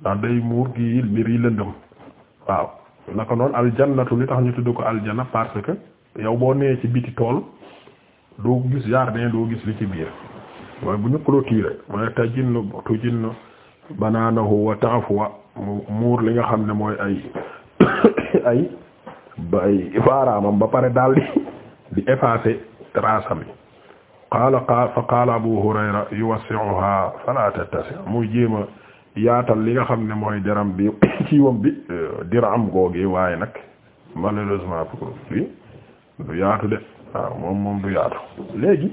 ndax day muur gi mbir yi lëndëm waaw naka noonu aljannatu li tax ñu tudd ko aljana parce que yow boo nee ci biti tool doo gis jardin doo gis li ci biir mooy bu ñu clôturé mooy tajinnu tujinnu banaanahu wa ta'fuwa mu muur li nga xam ne mooy ay ay bay faaraamam ba pare daal di di effacer trace qaala qaala fa qaala Abu Hurayra yuwassi'uha fala tattasi' muy jéema yaatal li nga xam ne mooy deram bi kiiwam bi euh, diram googi waaye nag malheureusement pour lui yaatu de waaw moom moom du yaatu léegi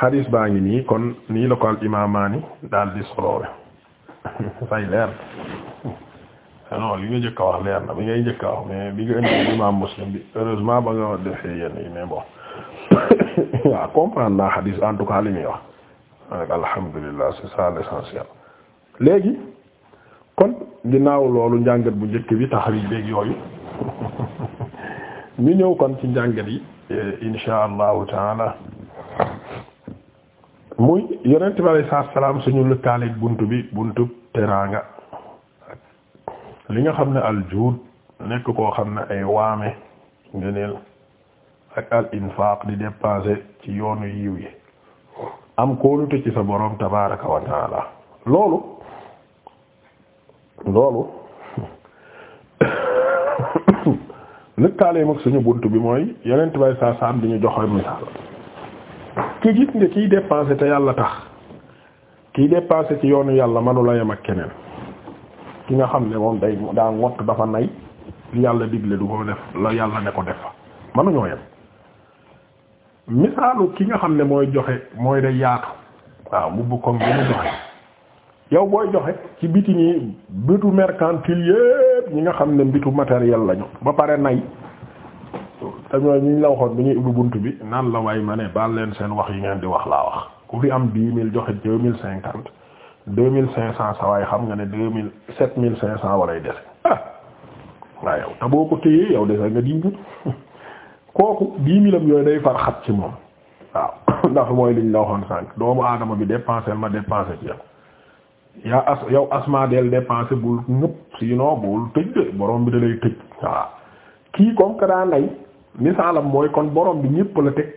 hadis baa ngi nii kon nii local ko al imaamaani daal di soloowe fay leer ah li nga njëkk wax leer na bi ngay njëkk a wax mais bi nga indi imaam muslim bi heureusement ba nga defee yenn yi mais bon waaw naa hadis en tout cas li muy wax ak alhamdulillah c'est léegi kon ginnaaw loolu njàngat bu njëkk bi taxrij beeg yooyu ñu ñëw kon ci njàngat yi eh, insha allahu taala muy yonent bi alayhi salaam suñu lëkkaaleeg bunt bi buntu teraanga li nga xam ne aljuud nekk koo xam ne ay waame ngëneel ak al infaaq di dépenser ci yoonu yiw yi am kóolute ci sa borom tabaraka wa taala loolu loolu lëkkaaleem ak suñu bunt bi mooy yeneen bay saa saam di ñu joxe misaal ki gis nga kiy dépensé te yàlla tax kiy dépensé ci yoonu yàlla manula yem ak keneen ki nga xam ne moom day daa ngott dafa nay li yàlla digle du ko def la yàlla ne ko def manuñoo yem misaalu ki nga xam ne mooy joxe mooy day yaatu waaw mu bukkoon bi mu joxe yow booy joxe ci biti nii bitu mercantile yépp ñi nga xam ne mbitu matériel lañu ba pare nay te ñooy ñu la waxoon bi ñuy ubbi bunt bi naan la way ma ne baal leen seen wax yi ngeen di wax laa wax ku fi am dix mille joxe deux mille cinquante deux mille cinq cent sa waaye xam nga ne deux mille sept mille cinq cent walay dese ah! waaye yow te boo ko téyee yow dese nga dimbali kooku dix mille am yooyu day far xat ci moom waaw ndax mooy liñ la waxoon sànq doomu aadama bi dépensé ma dépensé ci yow yaa as yow asma del dépensé bul ñëpp sinon bul tëj de borom bi da lay tëj waaw kii comme que daa lay misaalam mooy kon boroom bi ñëpp la teg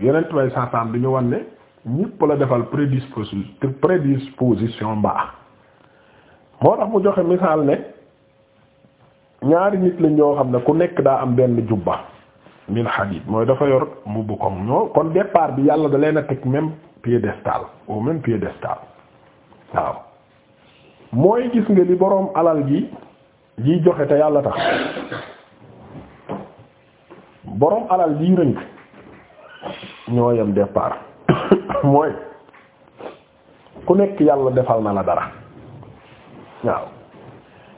yeneen tubay satan bi ñu wan ne ñëpp la defal prédisposition prédisposition mbaa moo tax mu joxe misaal ne ñaari nit lañ yoo xam ne ku nekk daa am benn jubba min hadid mooy dafa yor mbubb comme ñoo kon départ bi yàlla da leen a teg même piédestal au même piédestal waaw mooy gis nga li boroom alal gi liy joxe te yàlla tax boroom alal jiy rënk ñoo yem départ mooy ku nekk yàlla defal na la dara waaw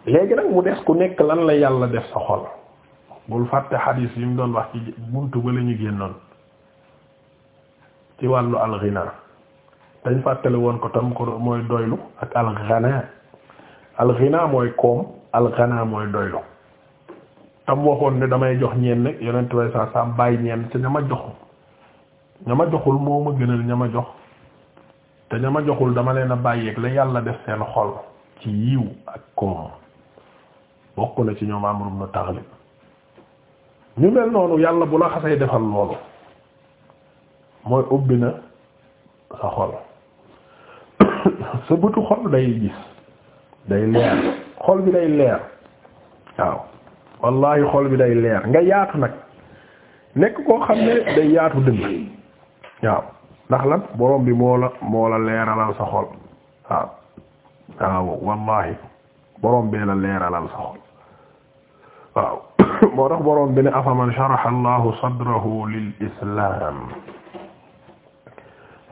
léegi nag mu des ku nekk lan la yàlla def sa xol bul fàtte xadiis yi mu doon wax ci buntu ba la ñu génnoon ci wàllu alxinaa dañ fàttale woon ko tam ko mooy doylu ak alxanaa alxinaa mooy koom alxanaa mooy doylu tam waxoon ne damay jox ñenn yonent way saa saa bàyyi ñenn te ña ma joxu ña ma joxul moo ma gënal ña ma jox te ña ma joxul dama leen a bàyyeeg la yàlla def seen xol ci yiw ak koom bokk na ci ñoom amrum na taxlib ñu mel noonu yàlla bu la xasee defal loolu mooy ubbi na sa xol sa bëtu xol day gis day leer xol bi day leer waaw wallahi xol bi day leer nga yaatu nag nekk koo xam ne day yaatu dëgg waaw ndax lan borom bi moo la moo la leeralal sa xol waaw waaw wallahi borom bee la leeralal sa xol waaw moo tax boroom bi ne afaman sharaha allahu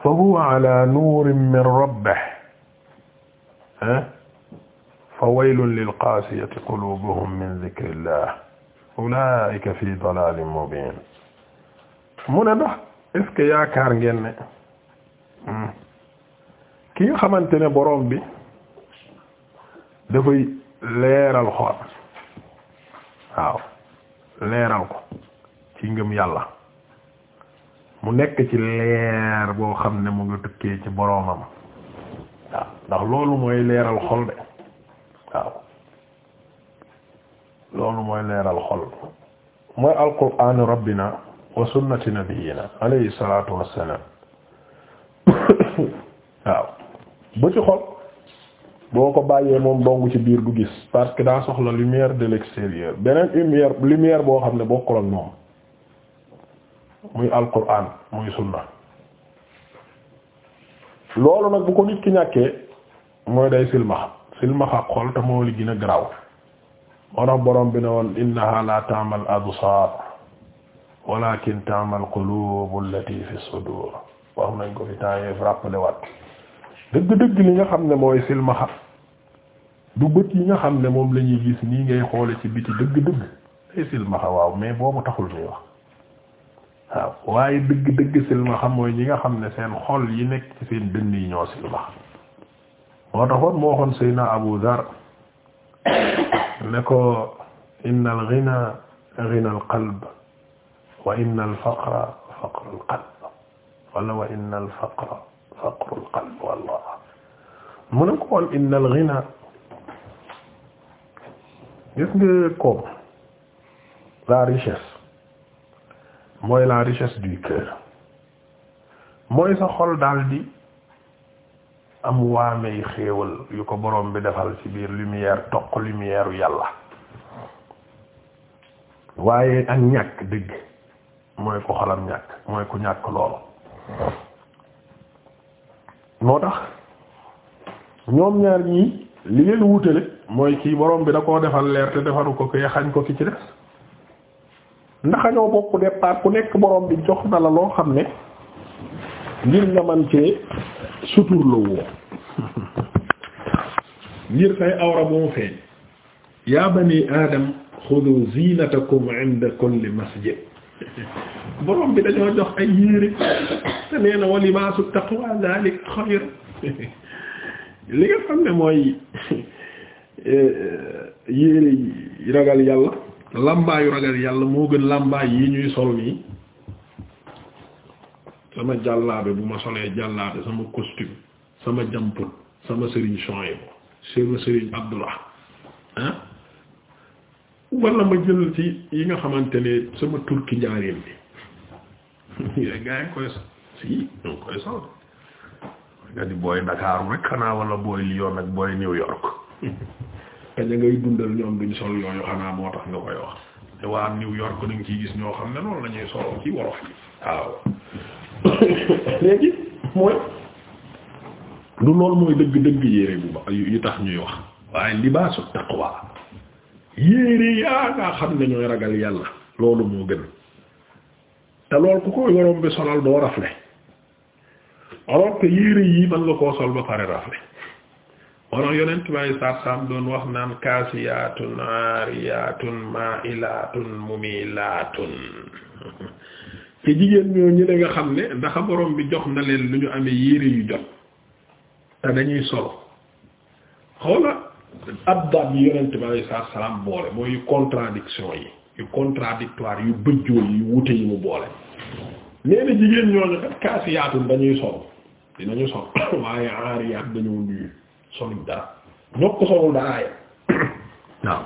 fa huwa ala nuurin min rabbihi eh? fa waylun lil qaasiyati quluubuhum min dhikrillah ulaa'ika fi dalaalin mubiin mu ne ndax est-ce que yaakaar ngeen hmm, ki nga xamante ne bi dafay leeral xol waaw leeral ko ci ngëm yàlla mu nekk ci leer boo xam ne mu ngi tukkee ci boroomam waaw ndax loolu mooy leeral xol de waaw loolu mooy leeral xol mooy alquraan rabbina wa sunnati nabiyina alayhi salaatu wassalaam waaw bu ci xol boo ko bàyyee moom dong ci biir du gis parce que daa soxla lumière de l'extérieur beneen lumière lumière boo xam ne bokkul ak moom muy alquran muy sunna loolu nag bu ko nit ki ñàkkee mooy day silmaxa silmaxa xol te moo li gën a moo tax borom bi ne woon innaha la ta'mal absar walakin ta'mal qulubu allati fi sudur wax nañ ko fi temps yëf rappelé waat dëgg-dëgg li nga xam ne mooy silmaxa du bët yi nga xam ne moom lañuy gis nii ngay xoole ci biti dëgg-dëgg ay silmaxa waaw mais boobu taxul ñuy wax waaw waaye dëgg-dëgg silmaxa mooy ñi nga xam ne seen xol yi nekk ci seen dënn yi ñoo silmaxa moo taxoon moo xoon Seydina Abu Dhar ne ko inna al ghina ghina al qalb wa inna al faqra faqra al qalb wala wa inna al ko woon inna al ghina gis nga koom la richesse mooy la richesse du cœur mooy sa xol daal di am waamey xéewal yu ko borom bi defal ci biir lumière toq lumière yàlla waaye ak ñàkk dëgg mooy ko xolam ñàkk mooy ku ñàkk loolu moo tax ñoom ñaar ñii li leen wutale mooy kii borom bi da koo defal leer te defaru ko kee xañ ko ki ci des ndax ñoo bokk départ ku nekk borom bi jox na la loo xam ne ngir nga man ci sutur la woo ngir say awra boo feeñ yaa bani aadam xudu zinatakum inda kulli masjid li nga xam ne mooy Eh, eh, yére yi ragal yàlla làmbaayu ragal yàlla moo gën làmbaay yi ñuy sol nii sama jàllaabe bu ma solee jàllaabe sama costume sama jampon sama sëriñ chony sama sëriñ abdullah ah wala ma jël ci yi nga xamante ne sama turki njaareem bi gaa ngi koy si ñoo ngi koy sol nga di booy Dakar rek xanaa wala booy Lyon ak booy New York te ngay dundal ñoom duñ sol yooyu xanaa moo tax nga koy wax te waa New York dañ ciy gis ñoo xam ne noonu la ñuy solo ci wolof yi waaw léegi mooy du loolu mooy dëgg-dëgg yére bu ba ñuy wax waaye libaasu taqwa yére ragal yàlla loolu moo gën te loolu ku koy nga koo sol ba pare rafle wala yonent bi sarsam doon wax naan kaasiyaatun aariyaatun maa'ilaatun mumilaatun te jigéen ñoo ñi nga xam ne ndax borom bi jox na leen lu ñu amee yére yu jot te dañuy solo xoola abdab yi yonent bi alei salaam boole mooy yu contradiction yi yu contradictoire yu bëjjool yu wute yi mu boole nee na jigéen ñooñu kat kaasiyaatun dañuy solo dinañu solo waaye aariyaat dañoo nuyu soluñ dara ñoo ko solul dara yam waaw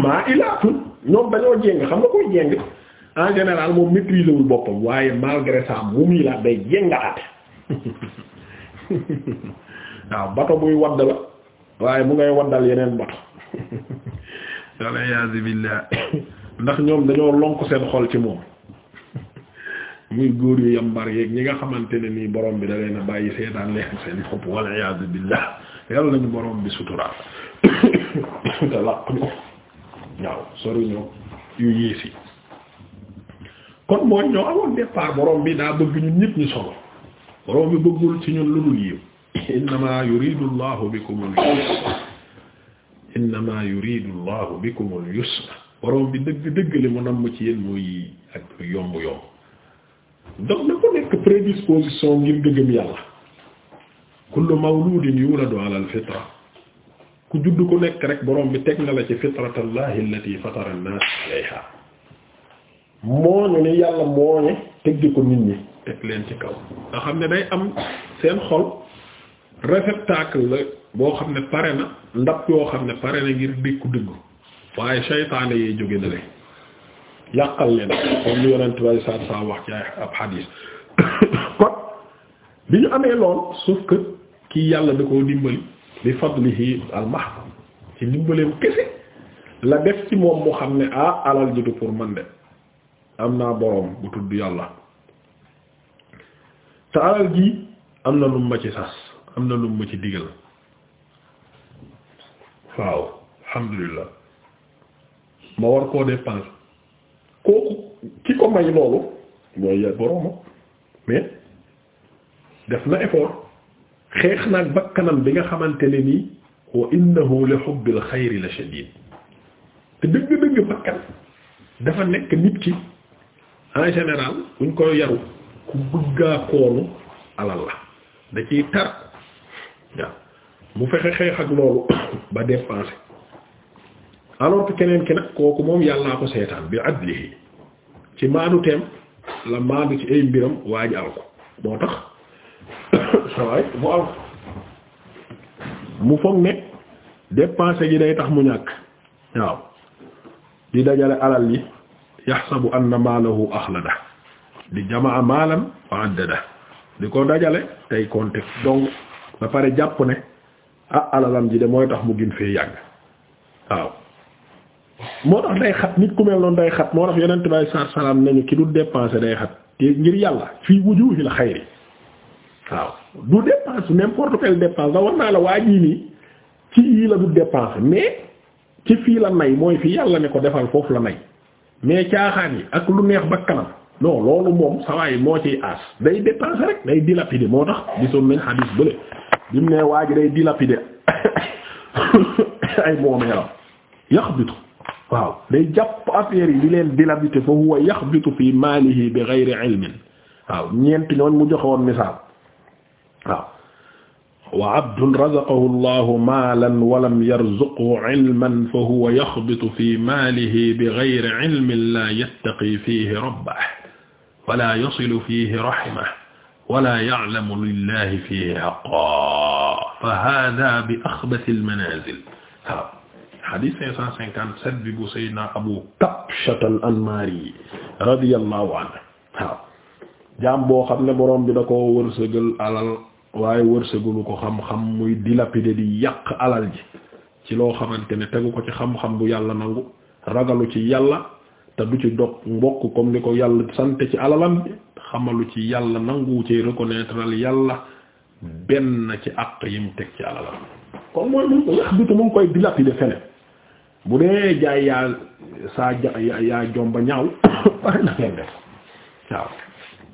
maa ilaatu ñoom dañoo jéng xam nga koy jéng en général moom maîtriser boppam waaye malgré ça mu muy laa day jéngalaate waaw bato buy wadd la waaye mu ngay waddal yeneen bato walla iyaazu billaah ndax ñoom dañoo lonk seen xol ci moom muy góor yu yambar yeeg ñi nga xamante ne nii borom bi da leen a bàyyi seetaan leen seen bopp wal iyaadu billah yàlla nañu borom bi suturaal te làq ñu waaw soriñu yu yiis yi kon mooy ñoo amoon départ borom bi daa bëgg ñun ñëpp ñu solo borom bi bëggul ci ñun lu dul yiw innama yuridu allahu bikumul yusra yusra borom bi dëgg dëgg li mu namm ci yéen mooy yi ak yomb yomb donc na ko nekk prédisposition ngir nga yàlla kullu mawludin yuladu ala al fitra ku judd ku nekk rek boroom bi teg na la ci fitratallahi allati fatara an-nas alayha mooñu ni yàlla mooñe tegg ko nit ñi teg leen ci kaw nga xam ne day am seen xol réceptacle la boo xam ne pare na ndab yoo xam ne pare na ngir dékku dëgg waaye saytaane yee jóge na le yàqal leen comme li yonent saat saa wax ci ab xadiis kon bi ñu amee lool sauf que kii yàlla da koo dimbali bi fadlihi al mahd ci dimbaleem kese la def ci moom moo xam ne ah alal ji du pour man de am naa boroom bu tudd yàlla te alal ji am na lum ma ci sas am na lum ma ci digal waaw alhamdulillah ma war koo dépenser kooku ki ko may loolu mooy borooma mais def na effort xeex naag bakkanam bi nga xamante ne nii wa innahu li hubbil xayri la shadid te dëgg-dëgg bakkan dafa nekk nit ki en général buñ koy yaru ku bëggaa koonu alal la da tar waaw mu fexe xeex ak loolu ba dépenser alors keneen ki nag kooku moom yàllaa ko seetaan bi adlihi ci maadu teem la maadu ci ay mbiram waa ji al moo tax mu al mu foog ne dépenser gi day tax mu ñàkk waaw di dajale alal yi yaxsabu anna maalahu axlada di jamaa maalam wa addada di ko dajale tey compter donc ba pare jàpp ne ah alalam ji de mooy tax mu gën fee yàgg waaw moo tax day xat nit ku mel noonu day xat moo tax yonent bi sallallahu alayhi nañu ki du dépenser day xat te ngir yàlla fii wujuhil xayri waaw du dépense n'importe quelle dépense da naa la waa jii nii ci yii la du dépense mais ci fii la nay mooy fii yàlla ne ko defal foofu la nay mais caaxaan yi ak lu neex ba kanam non loolu moom sawaay moo ciy aas day dépense rek day dilapider moo tax gisoon nañ xadiis bële bi mu ne waa ji day dilapider ay moomeelam yàq waaw day jàpp affaire yi di leen dilabité fa huwa yaxbitu fi maalihi bi ghayri ilmin waaw ñeent ñooñ mu joxe woon misaal waaw wa abdun razaqahu allahu maalan walam yarzuqhu ilman fa huwa yaxbitu fi maalihi bi ghayri ilmin la yattaqi fihi rabbahu wala yasilu fihi rahimahu wala ya'lamu lillahi fihi haqqahu fa haaza bi axbathil manaazil waaw xadis cinq cent cinquante sept bi bu Seydina Abu Kabshat al-Anmari radiyallahu anhu waaw jaam boo xam ne borom bi da ko wërsëgal alal waaye wërsëgalu ko xam-xam muy dilapider di yàq alal ji ci loo xamante ne tegu ko ci xam-xam bu yàlla nangu ragalu ci yàlla te du ci dog mbokk comme li ko yàlla sant ci alalam bi xamalu ci yàlla nangu ci reconnaître yàlla benn ci àq yim teg ci alalam kon mooy mu yax bi mu koy dilapider feneen bu dee jaay yaa saa ja yaa jomba ñaaw pare na ngeen def waaw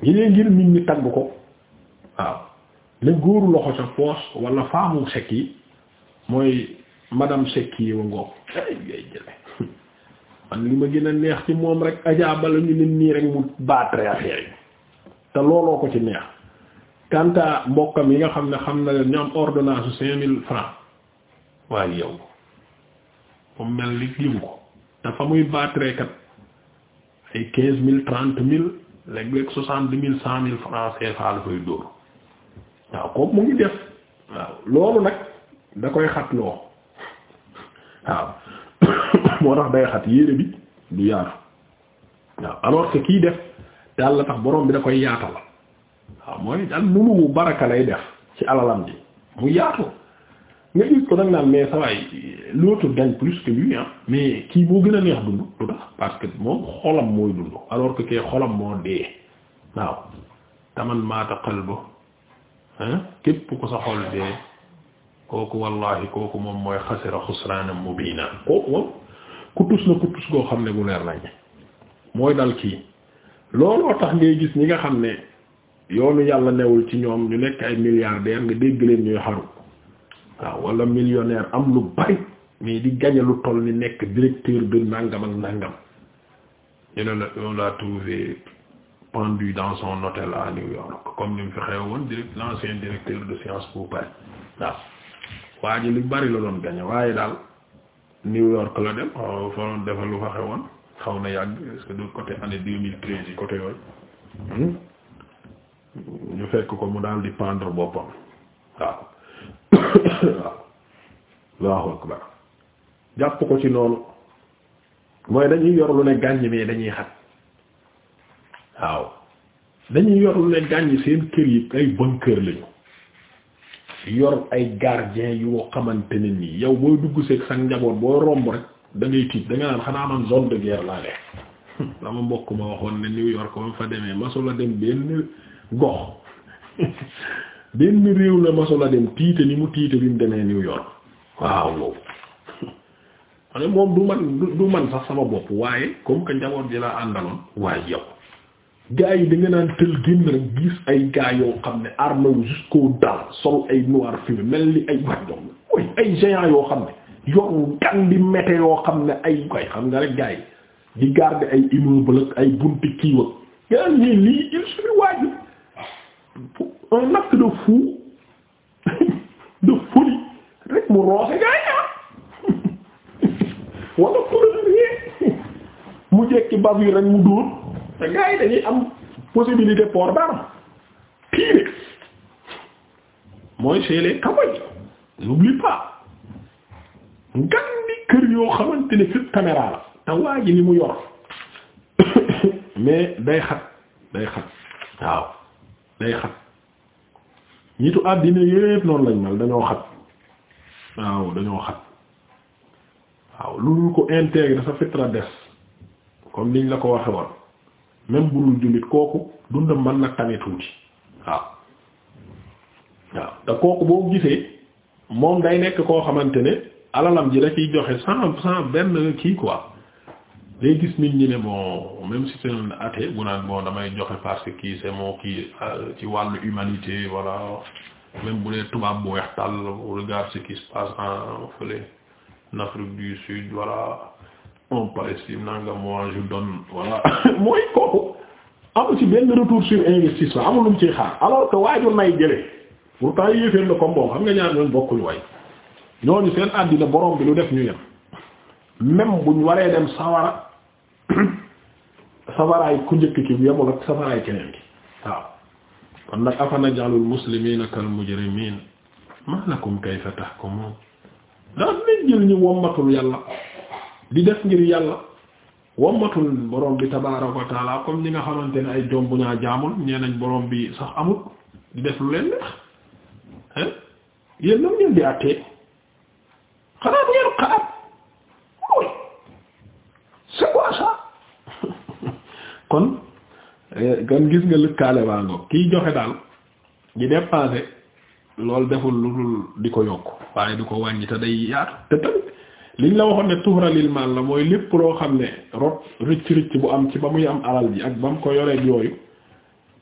yi dee ngir nit ñi tagg ko waaw ne góoru loxo sa poos wala faamu sekk yi mooy madame sekk yi wa man li ma gën a neex ci moom rek ajaaba la ñu nit nii rek mu baatre affaire yi te looloo ko ci neex quant à mbokkam yi nga xam ne xam na leen ñu am ordonnance cinq mille francs waaye yow comme mel ni yëgu ko te fa muy battre kat ay quinze mille trente mille léeg-léeg soixante mille cent mille francs CFA la koy dóor waaw comme mu ngi def waaw loolu nag da koy xat loo waaw moo tax day xat yére bi du yaatu waaw alors que kii def daal la tax borom bi da koy yaatal waaw mooy daal munu mu baraka lay def ci alalam bi mu yaatu nga gis ko nag naan mais ça va l'autre gagne plus que kii moo gën a neex dund lu tax parce que moom xolam mooy dund alors que kay xolam moo dee waaw taman maata qalbu képp ko sa xol dee kooku wallahi kooku moom mooy xasira xusraanam mubiina kooku moom kutus na kutus goo xam ne gu leer nañ mooy dal kii looloo tax ngay gis ñi nga xam ne yoonu yàlla newul ci ñoom ñu nekk ay milliardaires nga dégg leen ñuy xaru waaw wala millionnaire am lu bari mais di gagné lu toll ni nekk directeur de nangam ak nangam ñu ne la on l'a trouvé pendu dans son hôtel à New York comme ni mu fi xew woon direct l'ancien directeur de Sciences Po Paris waaw waa ji lu bari la doon gagné waaye daal New York la dem fa defal lu fa xewoon xaw na yàgg est que du côté année 2013 yi côté yooyu hmm? ñu fekk ko mu daal di pendre boppam waaw. waaw Allahu akbar jàpp ko ci noonu mooy dañuy yor lu ne gàññ mais dañuy xat waaw dañuy yor lu ne gàññ seen kër yi ay bon kër lañu yor ay gardien yoo xamante ne nii yow boo dugg seeg sa njaboot boo romb rek da tiit da nga naan xanaa man zone de guerre laa ne dama mbokk ma waxoon ne New York ba fa demee masula dem benn gox benn réew la masola dem tiite ni mu tiite bi mu demee New York waaw wow moom du man du man sax sama bopp waaye comme que njaboot ji laa àndaloon waaye yow gaa yi da nga naan tël génn rek gis ay gaa yoo xam ne armé wu jusqu'aux dents sol ay noir fumé mel ni ay wajjom oy ay géant yoo xam ne yoru gan di mété yoo xam ne ay koy xam gaa yi di garder ay immeuble ak ay bunti kiiwa gaan ñii lii il suñu waaju un acte de fou de folie rek mu roose gaañaa ah. wala poudre mu jekki bab yi rek mu dóor te gars yi dañuy am possibilité port d'arme pire mooy chez les cowboys n'oublie pas ngan di kër yoo xamante ne fépp caméra la te waa ji li mu yor mais day xat day xat waaw day xat nitu àddina yépp noonu lañ mel dañoo xat waaw dañoo xat waaw lu ko intègre sa fitra des comme niñ la ko waxe woon même bu dul jullit kooku dundam mën na tane tuuti waaw waaw te kooku boo gisee moom day nekk koo xamante ne alalam ji da ciy joxe sans sans benn kii quoi day gis nit ñi ne bon même si c'est un athée bu naan bon damay joxe parce que kii c'est mon kii euh, ci wàllu humanité voilà même bu dee tubaab bu weex tàll regarde ce qui se passe en fële en Afrique du Sud voilà en Palestine nanga moi je donne voilà mooy kooku amu ci benn retour sur investissement amul lu mu ciy xaar alors que waajur nay jëlee pourtant yéeféen la comme moom xam nga ñaar ñoon bokkuñu way ñooñu seen àddina borom bi lu def ñu yem même buñ waree dem sawara sawaraay ku njëkk ki yemul ak sawaraay keneen ki waaw kon nag afa najalul muslimina kal mujrimin ma lakum kayfa tahkumun daa nañ jël ñu wommatul yàlla di def ngir yàlla wommatul borom bi tabaaraka wa taala comme nga xamante ne ay jom bu ñaa jaamul ñee nañ borom bi sax amul di def lu leen neex yéen nam ngeen di àttee xalaat ngeen xalaat kon eh, kon gis nga lëkkaale baa ngoog kiy joxe daal di dépenser loolu deful lu dul di ko yokk waaye du ko wàññi te day yaatu te liñ la waxoon ne tuhralil maal la mooy lépp loo xam ne rot rëcc rëcc bu am ci ba muy am alal ji ak ba mu ko yoreeg yooyu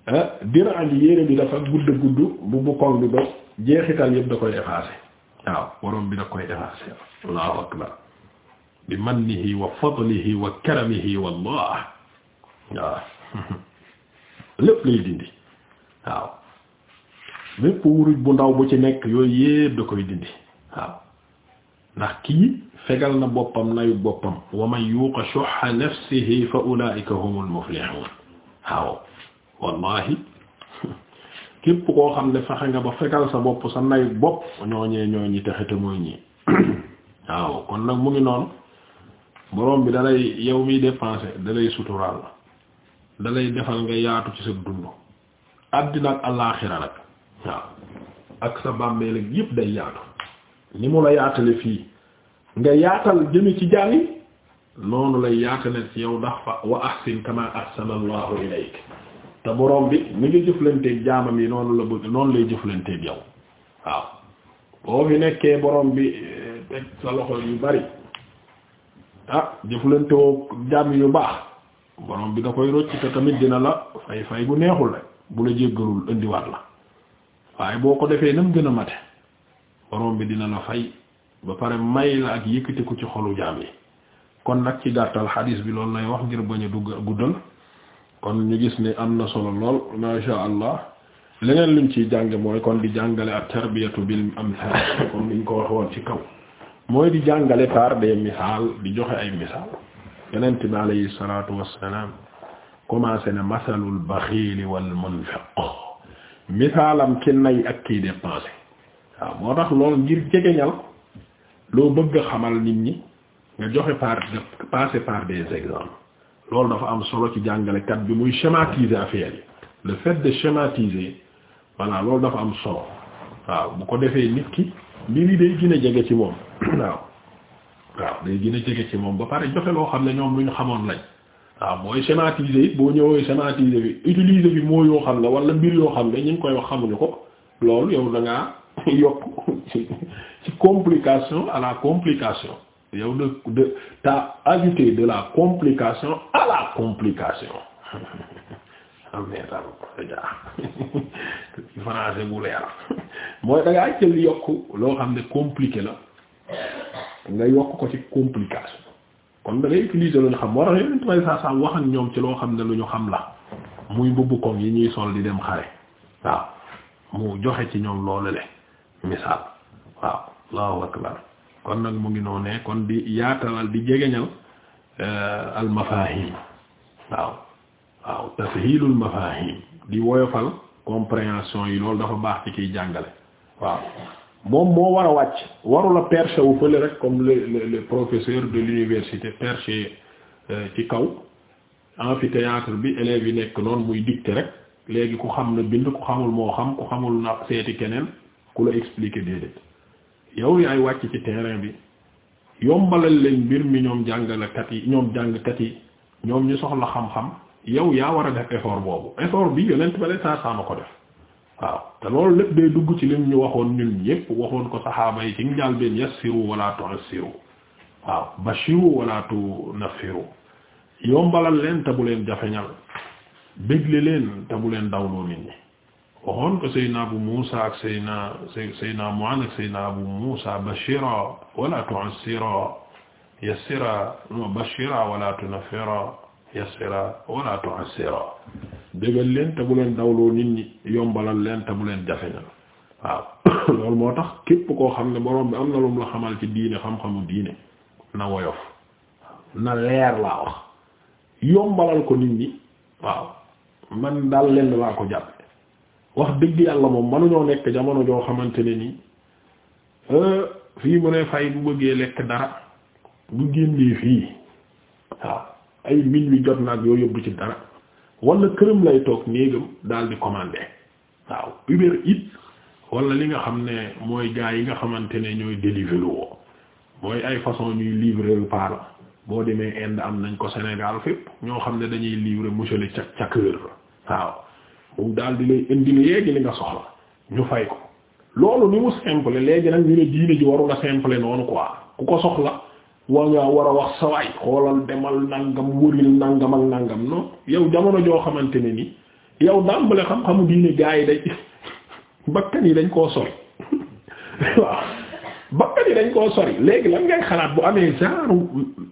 eh, dira ji yére bi dafa gudd gudd bu bu bi ba jeexital yëpp da koy effacer waaw borom bi da koy effacer allahu akbar bi mannihi wa fadlihi wa karamihi wallah waaw lépp lay dindi waaw lépp wuruj bu ndaw bu ci nekk yooy yépp da koy dindi waaw ndax kii fegal na boppam nayu boppam wa man yuqa shuhha nafsihi fa ulaika humul muflihun waaw wallahi képp koo xam ne fexe nga ba fegal sa bopp sa nayu bopp ñooñee ñooñi texe te mooy ñii waaw kon nag mu ngi noonu borom bi dalay yow miy dépenser dalay suturaal la dalay defal nga yaatu ci sa dund àddina ak alaaxira nag waaw ak sa bàmmeel yépp day yaatu ni mu la yaatale fii nga yaatal jëme ci jàlli noonu lay yaatale ci yow ndax fa wa ahsin kama ahsana allahu ilayk te borom bi ni nga jëflanteeg jaamam yi noonu la bëgg noonu lay jëflanteeg yow waaw boo nekkee borom bi eh, teg sa loxo yu bari ah jëflante woo jàmm yu baax borom bi da koy rocc te tamit dina la fay fay bu neexul la bu la jéggalul indiwaat la waaye boo ko defee nam gën a mate borom bi dina la fay ba pare may la ak yëkkati ko ci xolu jaam yi kon nag ci gàttal xadiis bi loolu lay wax ngir bañ a dugg guddal kon ñu gis ne am na solo lool ma sha allah leneen luñ ciy jàng mooy kon di jàngale ak tarbiyatu bil amsal kon liñ ko waxoon ci kaw mooy di jàngale par des misaal di joxe ay misaal yonent bi alayhi salaatu wassalaam commencé na masalul baxiili wal munfiq misaalam ki nay ak kiy dépensé waaw moo tax lool ngir jegeñal loo bëgg a xamal nit ñi nga joxe par passer par des exemples loolu dafa am solo ci jàngalekat bi muy schématiser affaire yi le fait de schématiser voilà loolu dafa am solo waaw bu ko defee nit ki mbir yi day gën a jege ci moom waaw waaw day gën a jege ci moom ba pare joxe loo xam ne ñoom lu ñu xamoon lañ waaw mooy schématiser yi boo ñëwee schématiser bi utiliser bi moo yoo xam ne wala mbir yoo xam ne ñu ngi koy wax xamuñu ko loolu yow da ngaa yokk ci complication à la complication yow de de t'as ajouté de la complication à la complication am na ci français bu leer mooy da ngaa yokk loo xam ne compliqué la nga yokk ko ci complication kon da utiliser lu ñu xam moo tax yeneen trois wax ak ñoom ci loo xam ne lu ñu xam la muy mbubb koŋ yi ñuy sol di dem xare waaw mu joxe ci ñoom loolu le misaal waaw allahu akbar kon nag mu ngi noonee kon di yaatalal di jegeñal euh, al mafahim waaw waaw tashilul mafahim di woyofal compréhension yi loolu dafa baax ci kiy jàngale waaw moom moo war a wàcc warula perche wu fële rek comme le le professeur de l'université perché euh, ci kaw amphithéâtre bi élèves yi nekk noonu muy dicter rek léegi ku xam na bind ku xamul moo xam ku xamul na seeti keneen ku la expliquer déedéet yow yaay wàcc ci terrain bi yombalal leen mbir mi ñoom jàngalekat yi ñoom jàngkat yi ñoom ñu soxla xam-xam yow yaa war a def effort boobu effort bi yonent ba leen saa ko def waaw te loolu lépp day dugg ci lim ñu waxoon ñun yépp waxoon ko saxaaba yi ci njàlbeen yassiru wala tu'assiru waaw bashiru wala tunaffiru yombalal leen te leen jafeñal bégle leen te bu leen dawloo nit ñi waxoon ko Seydina Abu Muusa ak Seydina Seydina Mu'aaz bashira wala tu'assira yassira yassira wala tu'assira dégal leen te bu leen dawloo nit ñi yombalal leen te bu leen jafeñal waaw loolu moo tax képp koo xam ne borom bi am na lum la xamal ci diine xam-xamu diine na woyof na leer laa wax yombalal ko nit ñi waaw man daal lenn laa ko jàppe wax dëgg yàlla moom manuñoo nekk jamono joo xamante ne nii euh, fii mu ne fay bu bëggee lekk dara bu génnee fii waaw ay miñ wi jot naag yooyu yóbbu ci dara walla këram lay toog néegam daal di commander waaw Uber Eats wala li nga xam ne mooy gaa yi nga xamante ne ñooy Deliveroo mooy ay façon ñuy livrer repas boo demee Inde am nañ ko Sénégal fépp ñoo xam ne dañuy livrer monsieur le cak cakeur waaw moom daal di lay indi léegi li nga soxla ñu fay ko loolu ni mu simple léegi nag ñu ne diine ji waru la simple noonu quoi ku ko soxla waa ngaa war a wax sawaay xoolal demal nangam wëril nàngamal ak nangam non yow jamono joo xamante ne ni yow dàmbale xam-xamu diine gaa yi day bakkan yi dañ koo sori waaw bakkan léegi lan ngay xalaat bu amee genre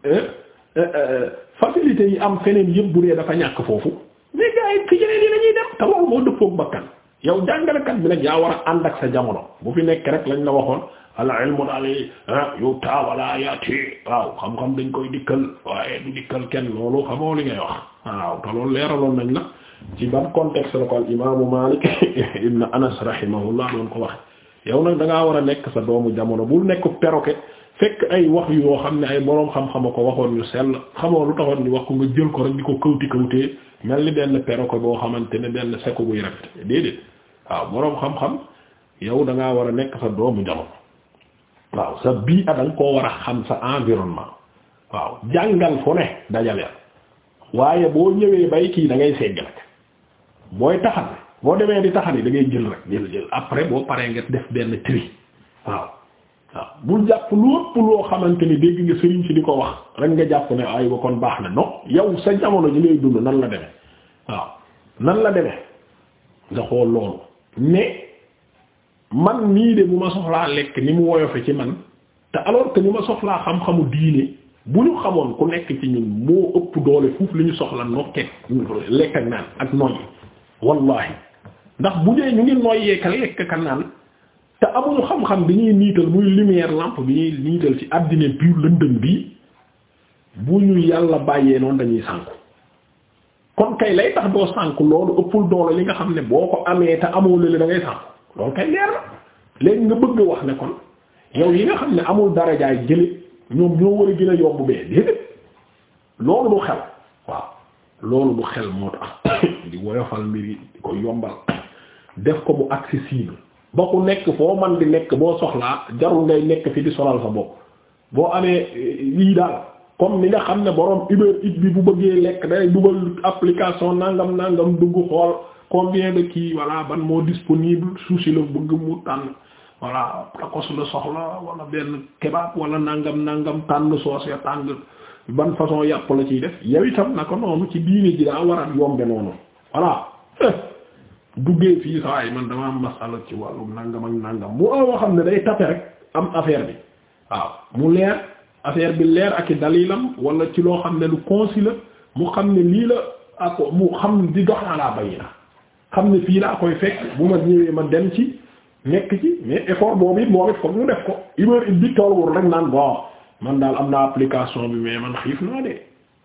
eh, eh, eh, facilité yi am feneen yëpp bu dee dafa ñàkk foofu mais gaa yi ci yeneen yi lañuy dem te loolu moo dëppook bakkan yow jàngalekat bi nag yaa war a ànd ak sa jamono bu fi nekk rek lañ la waxoon al ilmu daal ah, yu taawala yaati waaw xam-xam dañ koy dikkal waaye du dikkal kenn loolu xamoo li ngay wax waaw te leeraloon nañ la ci ban contexte la ko al imaamu Maalik ibn Anas rahimahullah doon ko wax yow nag dangaa war a nekk sa doomu jamono bu nekk perroquet fekk ay wax yoo xam ne ay boroom xam ko waxoon ñu sell xamoo lu taxoon ñu wax ko nga jël ko rek di ko kawti kawtee mel ni benn perroquet boo xamante ne benn sekku buy rafet déedéet waaw boroom xam-xam yow da ngaa war a nekk sa doomu jamono waaw sa bii a adal koo war a xam sa environnement waaw jàngal fu ne dajaleel waaye boo ñëwee bay kii da ngay segg rek booy taxan boo demee di taxan yi da ngay jël rek jël jël après boo paree nga def benn tri waaw waaw bul jàpp lu ëpp loo xamante ni dégg nga sëriñ si di ko wax rek nga jàpp ne ay ba kon baax na non yow sa jamono ji ngay dund nan la demee waaw nan la demee nga xool loolu ne man mii de bu ma soxlaa lekk ni mu woyofe ci man te alors que ni ma soxlaa xam-xamu diine bu ñu xamoon ku nekk ci ñun moo ëpp doole fuuf li ñu soxla nokket lekk ak naan ak noyyi wallahi ndax bu dee ñu ngi noyyee ka lekk ka naan te amuñu xam-xam bi ñuy niital muy lumière lampe bi ñuy niital ci àddina biir lëndëm bii bu ñu yàlla bàyyee noonu dañuy sànku kon kay lay tax doo sànku loolu ëppul doole li nga xam ne boo ko amee te amoo lële da ngay loolu kay leer na léegi nga bëgg wax ne kon yow yi nga xam ne amul darajaay jëlit ñoom ñoo war a gën a yomb bee déedéet loolu du xel waaw loolu du xel moo tax di woyofal mbir yi ko yombal def ko bu accessible ba ku nekk foo man di nekk boo soxlaa jarul ngay nekk fi di solal sa bopp boo amee yii eh, daal comme ni nga xam ne borom Uber Eats bi bu bëggee lekk day dugal application nangam nàngam dugg xool combien de kii voilà ban moo disponible sushi la bëgg mu tànn voilà tacos la soxla wala benn kebab wala nangam nangam tànn soos ya tàng ban façon yàpp la ciy def yow itam naka noonu ci diine ji daa war a yombe noonu voilà eh, duggee fii saa yi man dama am masala ci wàllu nangam ak nangam mu am xam ne day tape rek am affaire bi waaw mu leer affaire bi leer ak i dalilam wala ci loo xam ne lu concis la mu xam ne lii la ako mu xam di dox ala xam ne fii laa koy fekk bu ma ñëwee ma dem ci nekk ci mais effort boobu it moom it foog mu def ko it bi daal am naa application bi mais man xiif naa de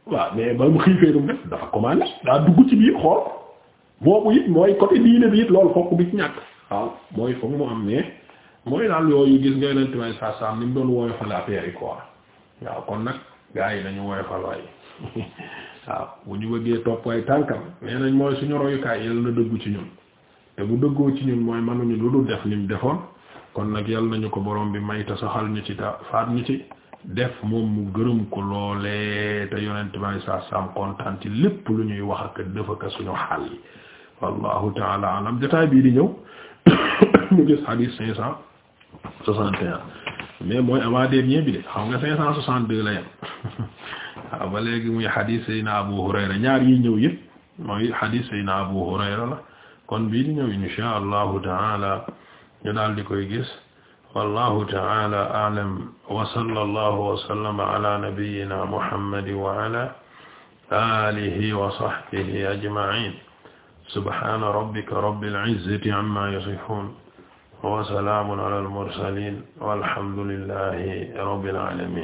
waaw ba mu xiifee dum def dafa commandé daa dugg ci biir xool boobu it mooy côté diine bi it loolu fokk bi ci ñàkk waaw mooy foog mu am mais mooy daal yooyu gis nga yeneen may saa saa ni mu doon woyofal affaire yi quoi waaw kon nag gars yi nañu woyofal waaye waaw bu ñu wëggee topp ay tànkam nee nañ mooy suñu royukaay yal na dëggu ci ñun te bu dëggoo ci ñun mooy mënuñu lu dul def lim defoon kon nag yal nañu ko boroom bi may te saxal ñu ci ta faat ñu ci def moom mu gërëm ko loolee te yonent may saa saam kontaan ci lépp lu ñuy wax ak def ak suñu xaal yi wallahu taala jotaay bii di ñëw ñu gis hadith cinq cent soixante et mais mooy avant dernier bi de xam nga cinq cent soixante-deux la yam waaw ah, ba léegi muy xadiis sayna Abu Hurayra ñaar yi ñëw yëpp mooy xadiis sayna Abu Hurayra la kon bii di ñëw insha allahu taala ñu daal di koy gis wallahu taala a'lam wa sallallahu wa sallama ala nabiyyina Muhammad wa ala alihi wa sahbihi ajma'in subhana rabbika rabbil izzati amma yasifun wa salamun ala al mursalin walhamdulillahi rabbil alamin